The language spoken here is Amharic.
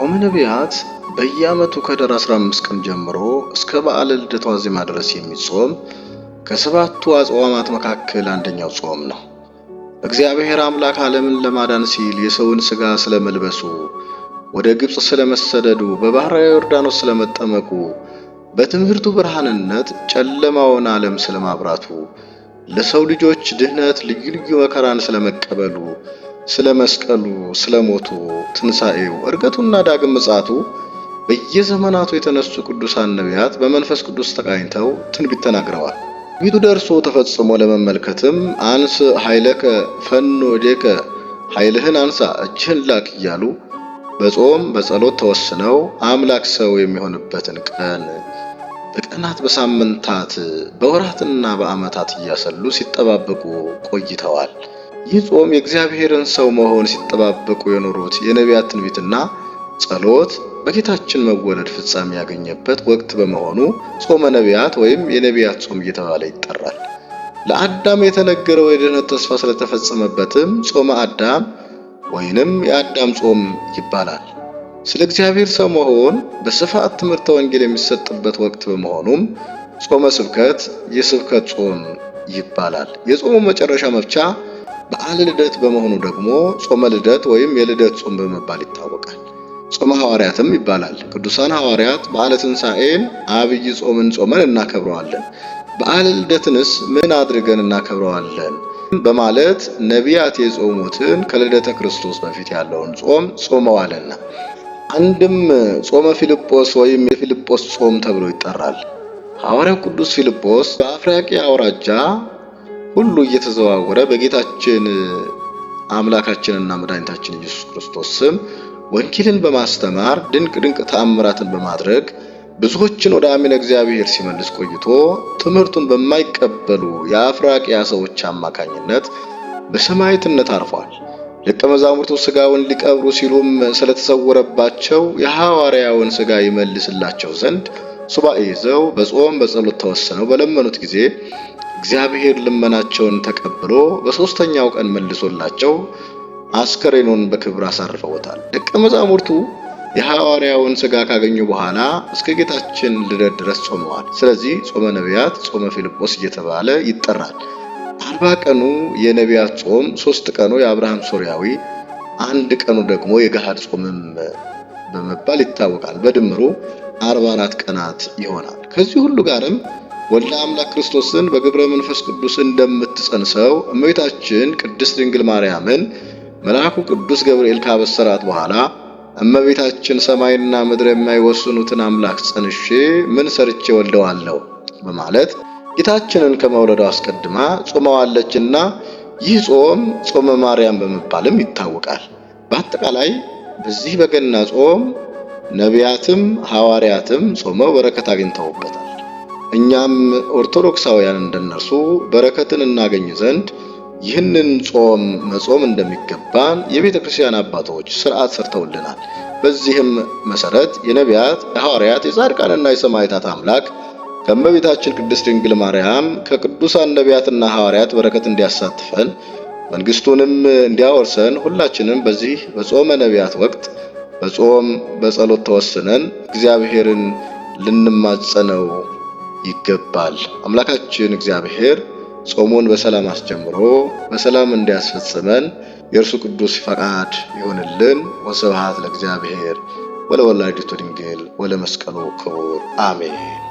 ጾመ ነቢያት በየዓመቱ ከኅዳር 15 ቀን ጀምሮ እስከ በዓለ ልደቱ ዋዜማ ድረስ የሚጾም ከሰባቱ አጽዋማት መካከል አንደኛው ጾም ነው። እግዚአብሔር አምላክ ዓለምን ለማዳን ሲል የሰውን ሥጋ ስለመልበሱ፣ ወደ ግብፅ ስለመሰደዱ፣ በባሕረ ዮርዳኖስ ስለመጠመቁ፣ በትምህርቱ ብርሃንነት ጨለማውን ዓለም ስለማብራቱ፣ ለሰው ልጆች ድኅነት ልዩ ልዩ መከራን ስለመቀበሉ ስለ መስቀሉ፣ ስለ ሞቱ፣ ትንሣኤው፣ እርገቱና ዳግም ምጽአቱ በየዘመናቱ የተነሱ ቅዱሳን ነቢያት በመንፈስ ቅዱስ ተቃኝተው ትንቢት ተናግረዋል። ትንቢቱ ደርሶ ተፈጽሞ ለመመልከትም አንስ ኃይለከ ፈኖ ዴከ ኃይልህን አንሳ እጅህን ላክ እያሉ በጾም በጸሎት ተወስነው አምላክ ሰው የሚሆንበትን ቀን በቀናት በሳምንታት በወራትና በዓመታት እያሰሉ ሲጠባበቁ ቆይተዋል። ይህ ጾም የእግዚአብሔርን ሰው መሆን ሲጠባበቁ የኖሩት የነቢያት ትንቢትና ጸሎት በጌታችን መወለድ ፍጻሜ ያገኘበት ወቅት በመሆኑ ጾመ ነቢያት ወይም የነቢያት ጾም እየተባለ ይጠራል። ለአዳም የተነገረው የድኅነት ተስፋ ስለተፈጸመበትም ጾመ አዳም ወይንም የአዳም ጾም ይባላል። ስለ እግዚአብሔር ሰው መሆን በስፋት ትምህርተ ወንጌል የሚሰጥበት ወቅት በመሆኑም ጾመ ስብከት የስብከት ጾም ይባላል። የጾሙ መጨረሻ መፍቻ በአል ልደት በመሆኑ ደግሞ ጾመ ልደት ወይም የልደት ጾም በመባል ይታወቃል። ጾመ ሐዋርያትም ይባላል። ቅዱሳን ሐዋርያት በዓለ ትንሣኤን አብይ ጾምን ጾመን እናከብረዋለን፣ በዓለ ልደትንስ ምን አድርገን እናከብረዋለን በማለት ነቢያት የጾሙትን ከልደተ ክርስቶስ በፊት ያለውን ጾም ጾመዋልና አንድም ጾመ ፊልጶስ ወይም የፊልጶስ ጾም ተብሎ ይጠራል። ሐዋርያው ቅዱስ ፊልጶስ በአፍራቂ አውራጃ ሁሉ እየተዘዋወረ በጌታችን አምላካችንና መድኃኒታችን ኢየሱስ ክርስቶስ ስም ወንጌልን በማስተማር ድንቅ ድንቅ ተአምራትን በማድረግ ብዙዎችን ወደ አሚን እግዚአብሔር ሲመልስ ቆይቶ ትምህርቱን በማይቀበሉ የአፍራቅያ ሰዎች አማካኝነት በሰማዕትነት አርፏል። ደቀ መዛሙርቱ ሊቀብሩ ሲሉም ስለተሰወረባቸው የሐዋርያውን ስጋ ይመልስላቸው ዘንድ ሱባኤ ይዘው በጾም በጸሎት ተወሰነው በለመኑት ጊዜ እግዚአብሔር ልመናቸውን ተቀብሎ በሦስተኛው ቀን መልሶላቸው አስከሬኑን በክብር አሳርፈውታል። ደቀ መዛሙርቱ የሐዋርያውን ሥጋ ካገኙ በኋላ እስከ ጌታችን ልደት ድረስ ጾመዋል። ስለዚህ ጾመ ነቢያት፣ ጾመ ፊልጶስ እየተባለ ይጠራል። አርባ ቀኑ የነቢያት ጾም፣ ሦስት ቀኑ የአብርሃም ሶርያዊ፣ አንድ ቀኑ ደግሞ የገሃድ ጾምም በመባል ይታወቃል። በድምሩ 44 ቀናት ይሆናል። ከዚህ ሁሉ ጋርም ወልደ አምላክ ክርስቶስን በግብረ መንፈስ ቅዱስ እንደምትጸንሰው እመቤታችን ቅድስት ድንግል ማርያምን መልአኩ ቅዱስ ገብርኤል ካበሰራት በኋላ እመቤታችን ሰማይና ምድር የማይወስኑትን አምላክ ጸንሼ ምን ሰርቼ ወልደዋለሁ በማለት ጌታችንን ከመውለዱ አስቀድማ ጾመዋለችና ይህ ጾም ጾመ ማርያም በመባልም ይታወቃል። በአጠቃላይ በዚህ በገና ጾም ነቢያትም ሐዋርያትም ጾመው በረከት አግኝተውበታል። እኛም ኦርቶዶክሳውያን እንደነርሱ በረከትን እናገኝ ዘንድ ይህንን ጾም መጾም እንደሚገባን የቤተ ክርስቲያን አባቶች ስርዓት ሰርተውልናል። በዚህም መሰረት የነቢያት የሐዋርያት፣ የጻድቃንና የሰማዕታት አምላክ ከእመቤታችን ቅድስት ድንግል ማርያም ከቅዱሳን ነቢያትና ሐዋርያት በረከት እንዲያሳትፈን መንግስቱንም እንዲያወርሰን ሁላችንም በዚህ በጾመ ነቢያት ወቅት በጾም በጸሎት ተወስነን እግዚአብሔርን ልንማጸነው ይገባል። አምላካችን እግዚአብሔር ጾሙን በሰላም አስጀምሮ በሰላም እንዲያስፈጽመን የእርሱ ቅዱስ ፈቃድ ይሆንልን። ወስብሐት ለእግዚአብሔር ወለወላዲቱ ድንግል ወለመስቀሉ ክቡር አሜን።